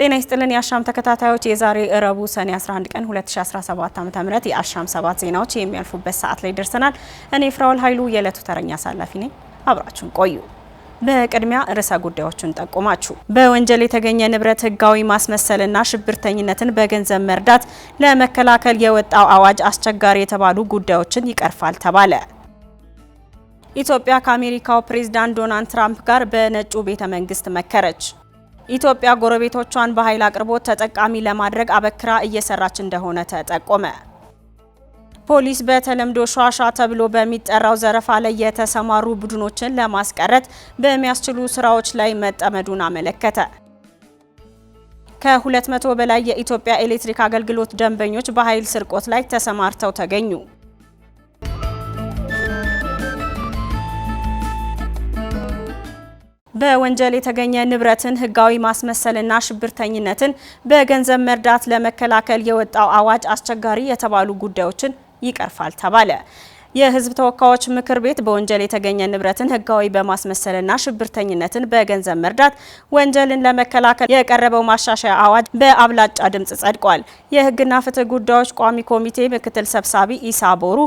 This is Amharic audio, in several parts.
ጤና ይስጥልን የአሻም ተከታታዮች፣ የዛሬ እረቡ ሰኔ 11 ቀን 2017 ዓ.ም የአሻም ሰባት ዜናዎች የሚያልፉበት ሰዓት ላይ ደርሰናል። እኔ ፍራውል ኃይሉ የዕለቱ ተረኛ አሳላፊ ነኝ። አብራችሁን ቆዩ። በቅድሚያ ርዕሰ ጉዳዮችን ጠቁማችሁ በወንጀል የተገኘ ንብረት ህጋዊ ማስመሰልና ሽብርተኝነትን በገንዘብ መርዳት ለመከላከል የወጣው አዋጅ አስቸጋሪ የተባሉ ጉዳዮችን ይቀርፋል ተባለ። ኢትዮጵያ ከአሜሪካው ፕሬዝዳንት ዶናልድ ትራምፕ ጋር በነጩ ቤተ መንግስት መከረች። ኢትዮጵያ ጎረቤቶቿን በኃይል አቅርቦት ተጠቃሚ ለማድረግ አበክራ እየሰራች እንደሆነ ተጠቆመ። ፖሊስ በተለምዶ ሿሻ ተብሎ በሚጠራው ዘረፋ ላይ የተሰማሩ ቡድኖችን ለማስቀረት በሚያስችሉ ስራዎች ላይ መጠመዱን አመለከተ። ከ200 በላይ የኢትዮጵያ ኤሌክትሪክ አገልግሎት ደንበኞች በኃይል ስርቆት ላይ ተሰማርተው ተገኙ። በወንጀል የተገኘ ንብረትን ህጋዊ ማስመሰልና ሽብርተኝነትን በገንዘብ መርዳት ለመከላከል የወጣው አዋጅ አስቸጋሪ የተባሉ ጉዳዮችን ይቀርፋል ተባለ። የህዝብ ተወካዮች ምክር ቤት በወንጀል የተገኘ ንብረትን ህጋዊ በማስመሰልና ሽብርተኝነትን በገንዘብ መርዳት ወንጀልን ለመከላከል የቀረበው ማሻሻያ አዋጅ በአብላጫ ድምጽ ጸድቋል። የህግና ፍትህ ጉዳዮች ቋሚ ኮሚቴ ምክትል ሰብሳቢ ኢሳ ቦሩ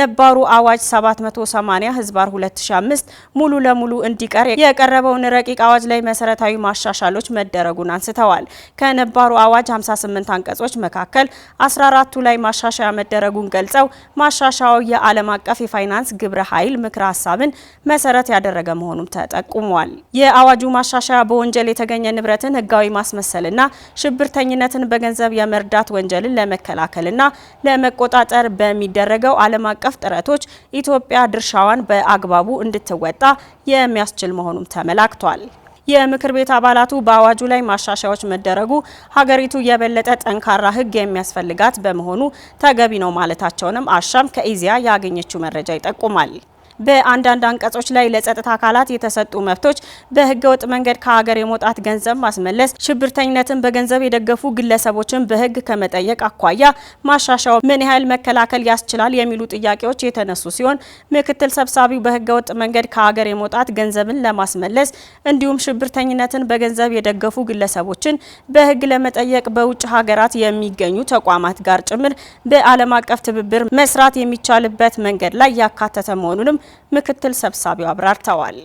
ነባሩ አዋጅ 780 ህዝባር 2005 ሙሉ ለሙሉ እንዲቀር የቀረበውን ረቂቅ አዋጅ ላይ መሰረታዊ ማሻሻሎች መደረጉን አንስተዋል። ከነባሩ አዋጅ 58 አንቀጾች መካከል 14ቱ ላይ ማሻሻያ መደረጉን ገልጸው ማሻሻያው የዓለም ዓለም አቀፍ የፋይናንስ ግብረ ኃይል ምክረ ሀሳብን መሰረት ያደረገ መሆኑም ተጠቁሟል። የአዋጁ ማሻሻያ በወንጀል የተገኘ ንብረትን ህጋዊ ማስመሰልና ሽብርተኝነትን በገንዘብ የመርዳት ወንጀልን ለመከላከልና ለመቆጣጠር በሚደረገው ዓለም አቀፍ ጥረቶች ኢትዮጵያ ድርሻዋን በአግባቡ እንድትወጣ የሚያስችል መሆኑም ተመላክቷል። የምክር ቤት አባላቱ በአዋጁ ላይ ማሻሻያዎች መደረጉ ሀገሪቱ የበለጠ ጠንካራ ሕግ የሚያስፈልጋት በመሆኑ ተገቢ ነው ማለታቸውንም አሻም ከኢዚያ ያገኘችው መረጃ ይጠቁማል። በአንዳንድ አንቀጾች ላይ ለጸጥታ አካላት የተሰጡ መብቶች፣ በህገወጥ መንገድ ከሀገር የመውጣት ገንዘብ ማስመለስ፣ ሽብርተኝነትን በገንዘብ የደገፉ ግለሰቦችን በህግ ከመጠየቅ አኳያ ማሻሻያው ምን ያህል መከላከል ያስችላል የሚሉ ጥያቄዎች የተነሱ ሲሆን ምክትል ሰብሳቢው በህገወጥ መንገድ ከሀገር የመውጣት ገንዘብን ለማስመለስ እንዲሁም ሽብርተኝነትን በገንዘብ የደገፉ ግለሰቦችን በህግ ለመጠየቅ በውጭ ሀገራት የሚገኙ ተቋማት ጋር ጭምር በዓለም አቀፍ ትብብር መስራት የሚቻልበት መንገድ ላይ ያካተተ መሆኑንም ምክትል ሰብሳቢው አብራርተዋል።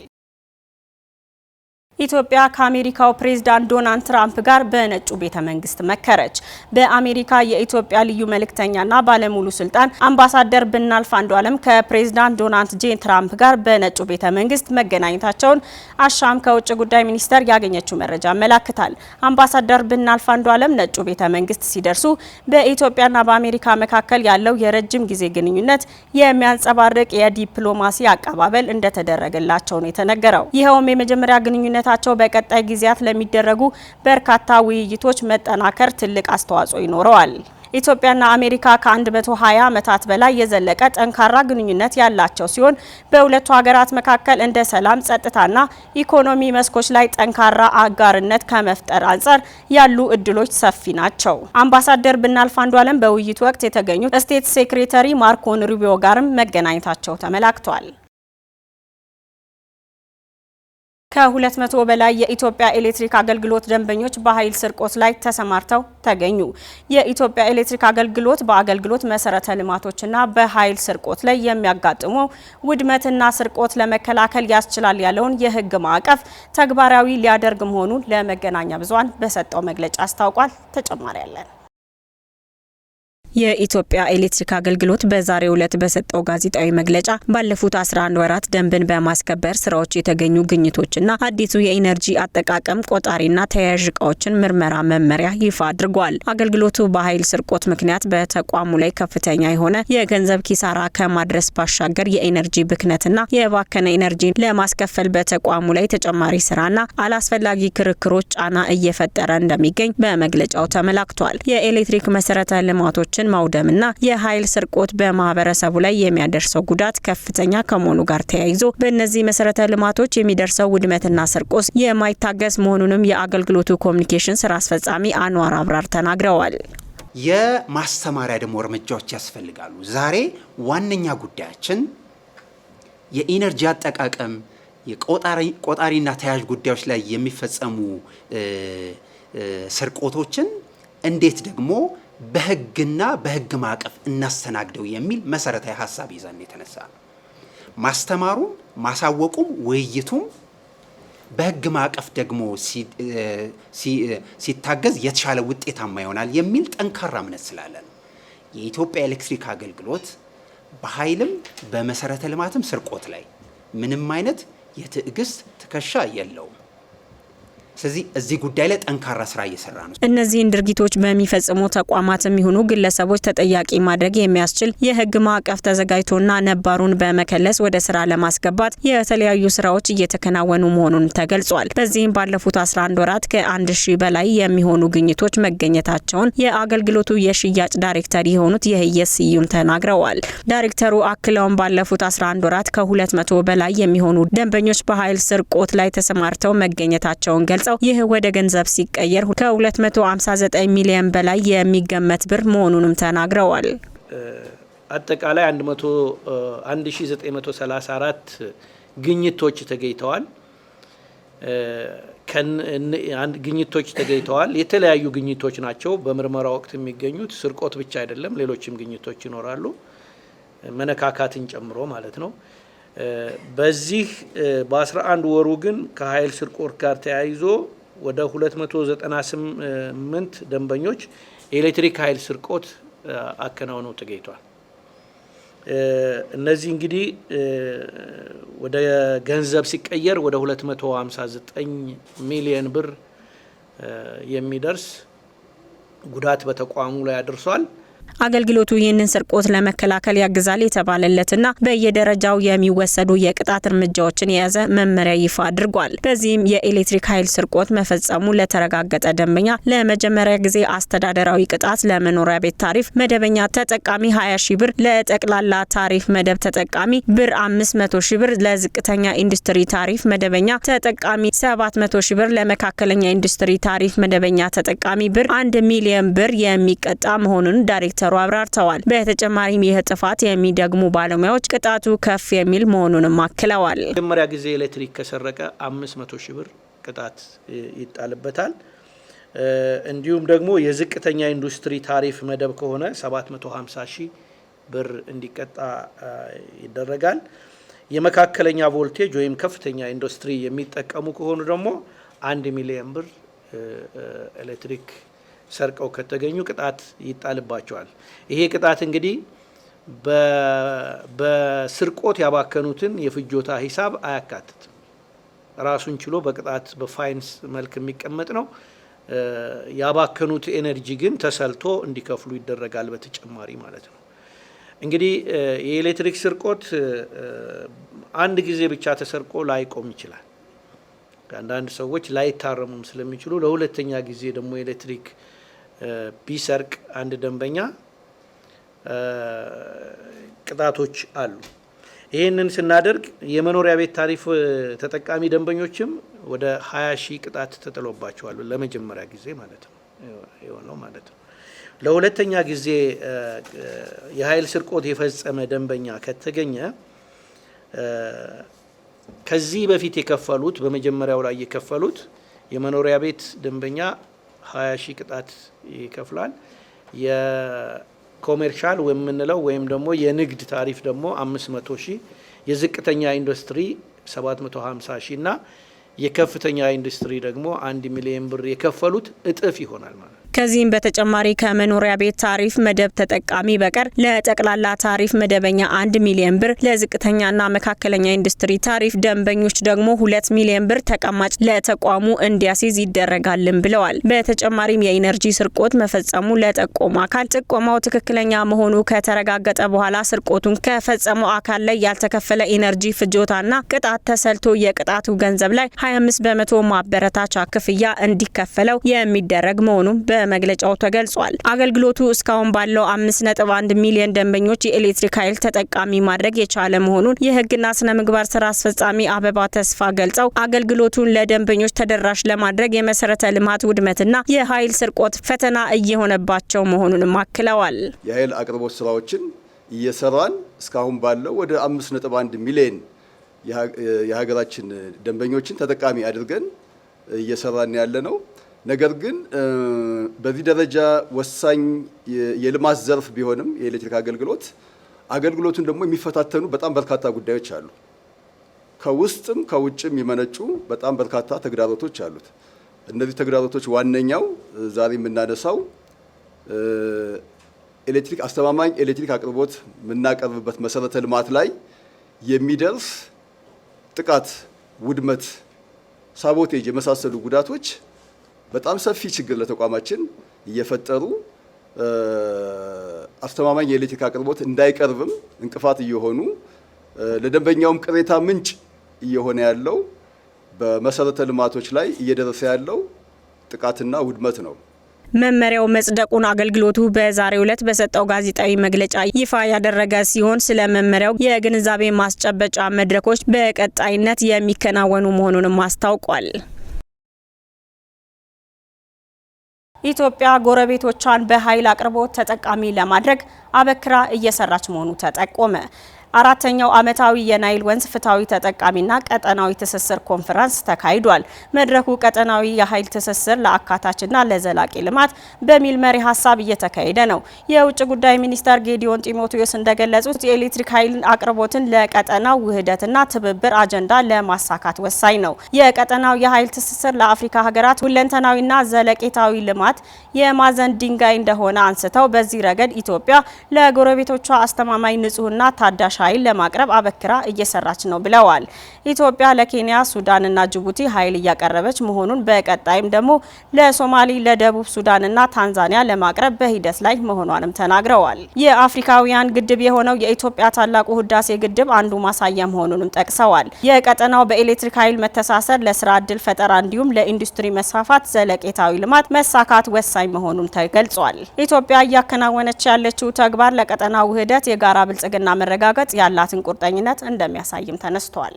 ኢትዮጵያ ከአሜሪካው ፕሬዝዳንት ዶናልድ ትራምፕ ጋር በነጩ ቤተ መንግስት መከረች። በአሜሪካ የኢትዮጵያ ልዩ መልእክተኛና ባለሙሉ ስልጣን አምባሳደር ብናልፍ አንዱ አለም ከፕሬዝዳንት ዶናልድ ጄን ትራምፕ ጋር በነጩ ቤተ መንግስት መገናኘታቸውን አሻም ከውጭ ጉዳይ ሚኒስቴር ያገኘችው መረጃ አመላክታል። አምባሳደር ብናልፍ አንዱ አለም ነጩ ቤተ መንግስት ሲደርሱ በኢትዮጵያና በአሜሪካ መካከል ያለው የረጅም ጊዜ ግንኙነት የሚያንጸባርቅ የዲፕሎማሲ አቀባበል እንደተደረገላቸው ነው የተነገረው። ይኸውም የመጀመሪያ ግንኙነት ግንኙነታቸው በቀጣይ ጊዜያት ለሚደረጉ በርካታ ውይይቶች መጠናከር ትልቅ አስተዋጽኦ ይኖረዋል። ኢትዮጵያና አሜሪካ ከ120 ዓመታት በላይ የዘለቀ ጠንካራ ግንኙነት ያላቸው ሲሆን በሁለቱ ሀገራት መካከል እንደ ሰላም፣ ጸጥታና ኢኮኖሚ መስኮች ላይ ጠንካራ አጋርነት ከመፍጠር አንጻር ያሉ እድሎች ሰፊ ናቸው። አምባሳደር ብናልፍ አንዱዓለም በውይይቱ ወቅት የተገኙት ስቴት ሴክሬተሪ ማርኮ ሩቢዮ ጋርም መገናኘታቸው ተመላክቷል። ከ200 በላይ የኢትዮጵያ ኤሌክትሪክ አገልግሎት ደንበኞች በኃይል ስርቆት ላይ ተሰማርተው ተገኙ። የኢትዮጵያ ኤሌክትሪክ አገልግሎት በአገልግሎት መሰረተ ልማቶችና በኃይል ስርቆት ላይ የሚያጋጥሙ ውድመትና ስርቆት ለመከላከል ያስችላል ያለውን የሕግ ማዕቀፍ ተግባራዊ ሊያደርግ መሆኑን ለመገናኛ ብዙኃን በሰጠው መግለጫ አስታውቋል። ተጨማሪ ያለን የኢትዮጵያ ኤሌክትሪክ አገልግሎት በዛሬው ዕለት በሰጠው ጋዜጣዊ መግለጫ ባለፉት 11 ወራት ደንብን በማስከበር ስራዎች የተገኙ ግኝቶችና አዲሱ የኢነርጂ አጠቃቀም ቆጣሪና ተያያዥ እቃዎችን ምርመራ መመሪያ ይፋ አድርጓል። አገልግሎቱ በኃይል ስርቆት ምክንያት በተቋሙ ላይ ከፍተኛ የሆነ የገንዘብ ኪሳራ ከማድረስ ባሻገር የኢነርጂ ብክነትና የባከነ ኢነርጂ ለማስከፈል በተቋሙ ላይ ተጨማሪ ስራና አላስፈላጊ ክርክሮች ጫና እየፈጠረ እንደሚገኝ በመግለጫው ተመላክቷል። የኤሌክትሪክ መሰረተ ልማቶችን ቤቶችን ማውደምና የኃይል ስርቆት በማህበረሰቡ ላይ የሚያደርሰው ጉዳት ከፍተኛ ከመሆኑ ጋር ተያይዞ በእነዚህ መሰረተ ልማቶች የሚደርሰው ውድመትና ስርቆት የማይታገስ መሆኑንም የአገልግሎቱ ኮሚኒኬሽን ስራ አስፈጻሚ አንዋር አብራር ተናግረዋል። የማስተማሪያ ደግሞ እርምጃዎች ያስፈልጋሉ። ዛሬ ዋነኛ ጉዳያችን የኢነርጂ አጠቃቀም የቆጣሪና ተያያዥ ጉዳዮች ላይ የሚፈጸሙ ስርቆቶችን እንዴት ደግሞ በህግና በህግ ማዕቀፍ እናስተናግደው የሚል መሰረታዊ ሀሳብ ይዘን የተነሳ ነው። ማስተማሩም ማሳወቁም ውይይቱም በህግ ማዕቀፍ ደግሞ ሲታገዝ የተሻለ ውጤታማ ይሆናል የሚል ጠንካራ እምነት ስላለን የኢትዮጵያ ኤሌክትሪክ አገልግሎት በኃይልም በመሰረተ ልማትም ስርቆት ላይ ምንም አይነት የትዕግስት ትከሻ የለውም። ስለዚህ እዚህ ጉዳይ ላይ ጠንካራ ስራ እየሰራ ነው። እነዚህን ድርጊቶች በሚፈጽሙ ተቋማት የሚሆኑ ግለሰቦች ተጠያቂ ማድረግ የሚያስችል የህግ ማዕቀፍ ተዘጋጅቶና ነባሩን በመከለስ ወደ ስራ ለማስገባት የተለያዩ ስራዎች እየተከናወኑ መሆኑን ተገልጿል። በዚህም ባለፉት 11 ወራት ከአንድ ሺህ በላይ የሚሆኑ ግኝቶች መገኘታቸውን የአገልግሎቱ የሽያጭ ዳይሬክተር የሆኑት የህየስ ስዩም ተናግረዋል። ዳይሬክተሩ አክለውን ባለፉት 11 ወራት ከ መቶ በላይ የሚሆኑ ደንበኞች በኃይል ስርቆት ላይ ተሰማርተው መገኘታቸውን ገልጸዋል። ገልጸው ይህ ወደ ገንዘብ ሲቀየር ከ259 ሚሊዮን በላይ የሚገመት ብር መሆኑንም ተናግረዋል። አጠቃላይ 1934 ግኝቶች ተገኝተዋል። ግኝቶች ተገኝተዋል። የተለያዩ ግኝቶች ናቸው በምርመራ ወቅት የሚገኙት። ስርቆት ብቻ አይደለም፣ ሌሎችም ግኝቶች ይኖራሉ፣ መነካካትን ጨምሮ ማለት ነው። በዚህ በ11 ወሩ ግን ከኃይል ስርቆት ጋር ተያይዞ ወደ 298 ደንበኞች የኤሌክትሪክ ኃይል ስርቆት አከናውነው ተገኝቷል። እነዚህ እንግዲህ ወደ ገንዘብ ሲቀየር ወደ 259 ሚሊዮን ብር የሚደርስ ጉዳት በተቋሙ ላይ አድርሷል። አገልግሎቱ ይህንን ስርቆት ለመከላከል ያግዛል የተባለለትና በየደረጃው የሚወሰዱ የቅጣት እርምጃዎችን የያዘ መመሪያ ይፋ አድርጓል። በዚህም የኤሌክትሪክ ኃይል ስርቆት መፈጸሙ ለተረጋገጠ ደንበኛ ለመጀመሪያ ጊዜ አስተዳደራዊ ቅጣት፣ ለመኖሪያ ቤት ታሪፍ መደበኛ ተጠቃሚ 20 ሺ ብር፣ ለጠቅላላ ታሪፍ መደብ ተጠቃሚ ብር 500 ሺ ብር፣ ለዝቅተኛ ኢንዱስትሪ ታሪፍ መደበኛ ተጠቃሚ 700 ሺ ብር፣ ለመካከለኛ ኢንዱስትሪ ታሪፍ መደበኛ ተጠቃሚ ብር 1 ሚሊዮን ብር የሚቀጣ መሆኑን ዳይሬክተር ዳይሬክተሩ አብራርተዋል። በተጨማሪም ይህ ጥፋት የሚደግሙ ባለሙያዎች ቅጣቱ ከፍ የሚል መሆኑንም አክለዋል። መጀመሪያ ጊዜ ኤሌክትሪክ ከሰረቀ አምስት መቶ ሺህ ብር ቅጣት ይጣልበታል። እንዲሁም ደግሞ የዝቅተኛ ኢንዱስትሪ ታሪፍ መደብ ከሆነ 750 ሺህ ብር እንዲቀጣ ይደረጋል። የመካከለኛ ቮልቴጅ ወይም ከፍተኛ ኢንዱስትሪ የሚጠቀሙ ከሆኑ ደግሞ አንድ ሚሊየን ብር ኤሌክትሪክ ሰርቀው ከተገኙ ቅጣት ይጣልባቸዋል። ይሄ ቅጣት እንግዲህ በስርቆት ያባከኑትን የፍጆታ ሂሳብ አያካትትም። ራሱን ችሎ በቅጣት በፋይንስ መልክ የሚቀመጥ ነው። ያባከኑት ኤነርጂ ግን ተሰልቶ እንዲከፍሉ ይደረጋል። በተጨማሪ ማለት ነው እንግዲህ የኤሌክትሪክ ስርቆት አንድ ጊዜ ብቻ ተሰርቆ ላይቆም ይችላል። አንዳንድ ሰዎች ላይታረሙም ስለሚችሉ ለሁለተኛ ጊዜ ደግሞ ኤሌክትሪክ ቢሰርቅ አንድ ደንበኛ ቅጣቶች አሉ። ይህንን ስናደርግ የመኖሪያ ቤት ታሪፍ ተጠቃሚ ደንበኞችም ወደ 20 ሺህ ቅጣት ተጥሎባቸዋል። ለመጀመሪያ ጊዜ ማለት ነው የሆነው ማለት ነው። ለሁለተኛ ጊዜ የኃይል ስርቆት የፈጸመ ደንበኛ ከተገኘ ከዚህ በፊት የከፈሉት በመጀመሪያው ላይ የከፈሉት የመኖሪያ ቤት ደንበኛ 20 ሺህ ቅጣት ይከፍላል። የኮሜርሻል የምንለው ወይም ደግሞ የንግድ ታሪፍ ደግሞ አምስት መቶ ሺህ የዝቅተኛ ኢንዱስትሪ 750 ሺህ እና የከፍተኛ ኢንዱስትሪ ደግሞ አንድ ሚሊዮን ብር የከፈሉት እጥፍ ይሆናል ማለት ነው። ከዚህም በተጨማሪ ከመኖሪያ ቤት ታሪፍ መደብ ተጠቃሚ በቀር ለጠቅላላ ታሪፍ መደበኛ አንድ ሚሊዮን ብር፣ ለዝቅተኛና መካከለኛ ኢንዱስትሪ ታሪፍ ደንበኞች ደግሞ ሁለት ሚሊዮን ብር ተቀማጭ ለተቋሙ እንዲያስይዝ ይደረጋልን ብለዋል። በተጨማሪም የኢነርጂ ስርቆት መፈጸሙ ለጠቆሙ አካል ጥቆማው ትክክለኛ መሆኑ ከተረጋገጠ በኋላ ስርቆቱን ከፈጸመው አካል ላይ ያልተከፈለ ኢነርጂ ፍጆታና ቅጣት ተሰልቶ የቅጣቱ ገንዘብ ላይ 25 በመቶ ማበረታቻ ክፍያ እንዲከፈለው የሚደረግ መሆኑን በ በመግለጫው ተገልጿል። አገልግሎቱ እስካሁን ባለው አምስት ነጥብ አንድ ሚሊዮን ደንበኞች የኤሌክትሪክ ኃይል ተጠቃሚ ማድረግ የቻለ መሆኑን የህግና ስነ ምግባር ስራ አስፈጻሚ አበባ ተስፋ ገልጸው አገልግሎቱን ለደንበኞች ተደራሽ ለማድረግ የመሰረተ ልማት ውድመትና የኃይል ስርቆት ፈተና እየሆነባቸው መሆኑንም አክለዋል። የኃይል አቅርቦት ስራዎችን እየሰራን እስካሁን ባለው ወደ አምስት ነጥብ አንድ ሚሊዮን የሀገራችን ደንበኞችን ተጠቃሚ አድርገን እየሰራን ያለ ነው። ነገር ግን በዚህ ደረጃ ወሳኝ የልማት ዘርፍ ቢሆንም የኤሌክትሪክ አገልግሎት አገልግሎቱን ደግሞ የሚፈታተኑ በጣም በርካታ ጉዳዮች አሉ። ከውስጥም ከውጭም የሚመነጩ በጣም በርካታ ተግዳሮቶች አሉት። እነዚህ ተግዳሮቶች ዋነኛው ዛሬ የምናነሳው ኤሌክትሪክ አስተማማኝ ኤሌክትሪክ አቅርቦት የምናቀርብበት መሰረተ ልማት ላይ የሚደርስ ጥቃት፣ ውድመት፣ ሳቦቴጅ የመሳሰሉ ጉዳቶች በጣም ሰፊ ችግር ለተቋማችን እየፈጠሩ አስተማማኝ የኤሌክትሪክ አቅርቦት እንዳይቀርብም እንቅፋት እየሆኑ ለደንበኛውም ቅሬታ ምንጭ እየሆነ ያለው በመሰረተ ልማቶች ላይ እየደረሰ ያለው ጥቃትና ውድመት ነው። መመሪያው መጽደቁን አገልግሎቱ በዛሬው ዕለት በሰጠው ጋዜጣዊ መግለጫ ይፋ ያደረገ ሲሆን ስለ መመሪያው የግንዛቤ ማስጨበጫ መድረኮች በቀጣይነት የሚከናወኑ መሆኑንም አስታውቋል። ኢትዮጵያ ጎረቤቶቿን በኃይል አቅርቦት ተጠቃሚ ለማድረግ አበክራ እየሰራች መሆኑ ተጠቆመ። አራተኛው ዓመታዊ የናይል ወንዝ ፍትሐዊ ተጠቃሚና ቀጠናዊ ትስስር ኮንፈረንስ ተካሂዷል። መድረኩ ቀጠናዊ የኃይል ትስስር ለአካታችና ለዘላቂ ልማት በሚል መሪ ሀሳብ እየተካሄደ ነው። የውጭ ጉዳይ ሚኒስተር ጌዲዮን ጢሞቴዎስ እንደገለጹት የኤሌክትሪክ ኃይል አቅርቦትን ለቀጠናው ውህደትና ትብብር አጀንዳ ለማሳካት ወሳኝ ነው። የቀጠናው የኃይል ትስስር ለአፍሪካ ሀገራት ሁለንተናዊና ዘለቄታዊ ልማት የማዕዘን ድንጋይ እንደሆነ አንስተው በዚህ ረገድ ኢትዮጵያ ለጎረቤቶቿ አስተማማኝ ንጹህና ታዳሽ ኃይል ለማቅረብ አበክራ እየሰራች ነው ብለዋል። ኢትዮጵያ ለኬንያ፣ ሱዳንና ጅቡቲ ኃይል እያቀረበች መሆኑን በቀጣይም ደግሞ ለሶማሌ፣ ለደቡብ ሱዳንና ታንዛኒያ ለማቅረብ በሂደት ላይ መሆኗንም ተናግረዋል። የአፍሪካውያን ግድብ የሆነው የኢትዮጵያ ታላቁ ህዳሴ ግድብ አንዱ ማሳያ መሆኑንም ጠቅሰዋል። የቀጠናው በኤሌክትሪክ ኃይል መተሳሰር ለስራ እድል ፈጠራ እንዲሁም ለኢንዱስትሪ መስፋፋት ዘለቄታዊ ልማት መሳካት ወሳኝ መሆኑን ተገልጿል። ኢትዮጵያ እያከናወነች ያለችው ተግባር ለቀጠናው ውህደት፣ የጋራ ብልጽግና መረጋገጥ ያላትን ቁርጠኝነት እንደሚያሳይም ተነስቷል።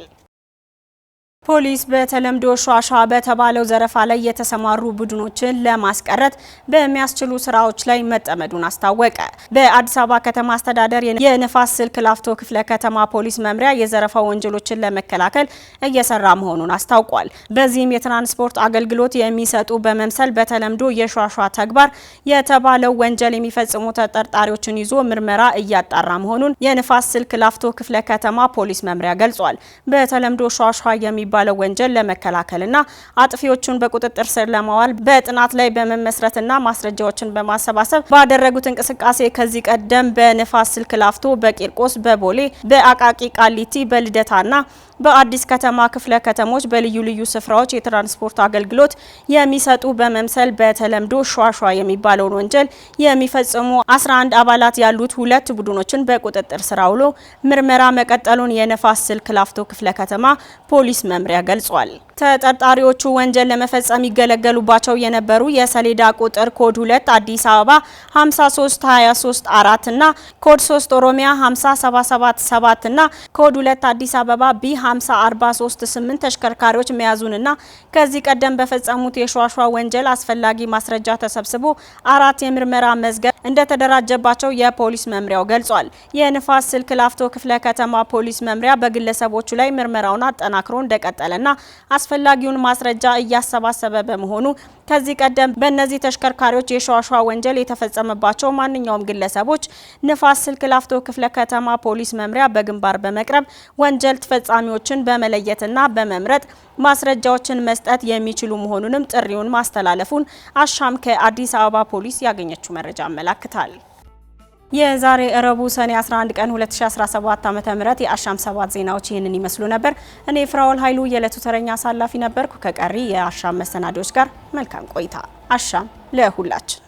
ፖሊስ በተለምዶ ሿሿ በተባለው ዘረፋ ላይ የተሰማሩ ቡድኖችን ለማስቀረት በሚያስችሉ ስራዎች ላይ መጠመዱን አስታወቀ። በአዲስ አበባ ከተማ አስተዳደር የንፋስ ስልክ ላፍቶ ክፍለ ከተማ ፖሊስ መምሪያ የዘረፋ ወንጀሎችን ለመከላከል እየሰራ መሆኑን አስታውቋል። በዚህም የትራንስፖርት አገልግሎት የሚሰጡ በመምሰል በተለምዶ የሿሿ ተግባር የተባለው ወንጀል የሚፈጽሙ ተጠርጣሪዎችን ይዞ ምርመራ እያጣራ መሆኑን የንፋስ ስልክ ላፍቶ ክፍለ ከተማ ፖሊስ መምሪያ ገልጿል። በተለምዶ ሿሿ የሚባ የሚባለው ወንጀል ለመከላከልና አጥፊዎቹን በቁጥጥር ስር ለማዋል በጥናት ላይ በመመስረትና ማስረጃዎችን በማሰባሰብ ባደረጉት እንቅስቃሴ ከዚህ ቀደም በንፋስ ስልክ ላፍቶ፣ በቂርቆስ፣ በቦሌ፣ በአቃቂ ቃሊቲ፣ በልደታና በአዲስ ከተማ ክፍለ ከተሞች በልዩ ልዩ ስፍራዎች የትራንስፖርት አገልግሎት የሚሰጡ በመምሰል በተለምዶ ሿሿ የሚባለውን ወንጀል የሚፈጽሙ 11 አባላት ያሉት ሁለት ቡድኖችን በቁጥጥር ስር አውሎ ምርመራ መቀጠሉን የነፋስ ስልክ ላፍቶ ክፍለ ከተማ ፖሊስ መምሪያ ገልጿል። ተጠርጣሪዎቹ ወንጀል ለመፈጸም ይገለገሉባቸው የነበሩ የሰሌዳ ቁጥር ኮድ 2 አዲስ አበባ 53234 እና ኮድ 3 ኦሮሚያ 5777 እና ኮድ 2 አዲስ አበባ ቢ 5438 ተሽከርካሪዎች መያዙንና ከዚህ ቀደም በፈጸሙት የሿሿ ወንጀል አስፈላጊ ማስረጃ ተሰብስቦ አራት የምርመራ መዝገብ እንደተደራጀባቸው የፖሊስ መምሪያው ገልጿል። የንፋስ ስልክ ላፍቶ ክፍለ ከተማ ፖሊስ መምሪያ በግለሰቦቹ ላይ ምርመራውን አጠናክሮ እንደቀ እንደቀጠለና አስፈላጊውን ማስረጃ እያሰባሰበ በመሆኑ ከዚህ ቀደም በእነዚህ ተሽከርካሪዎች የሸዋሸዋ ወንጀል የተፈጸመባቸው ማንኛውም ግለሰቦች ንፋስ ስልክ ላፍቶ ክፍለ ከተማ ፖሊስ መምሪያ በግንባር በመቅረብ ወንጀል ተፈጻሚዎችን በመለየትና በመምረጥ ማስረጃዎችን መስጠት የሚችሉ መሆኑንም ጥሪውን ማስተላለፉን አሻም ከአዲስ አበባ ፖሊስ ያገኘችው መረጃ አመላክታል። የዛሬ እረቡ ሰኔ 11 ቀን 2017 ዓ.ም የአሻም ሰባት ዜናዎች ይህንን ይመስሉ ነበር። እኔ ፍራውል ኃይሉ የዕለቱ ተረኛ አሳላፊ ነበርኩ። ከቀሪ የአሻም መሰናዶዎች ጋር መልካም ቆይታ። አሻም ለሁላችን!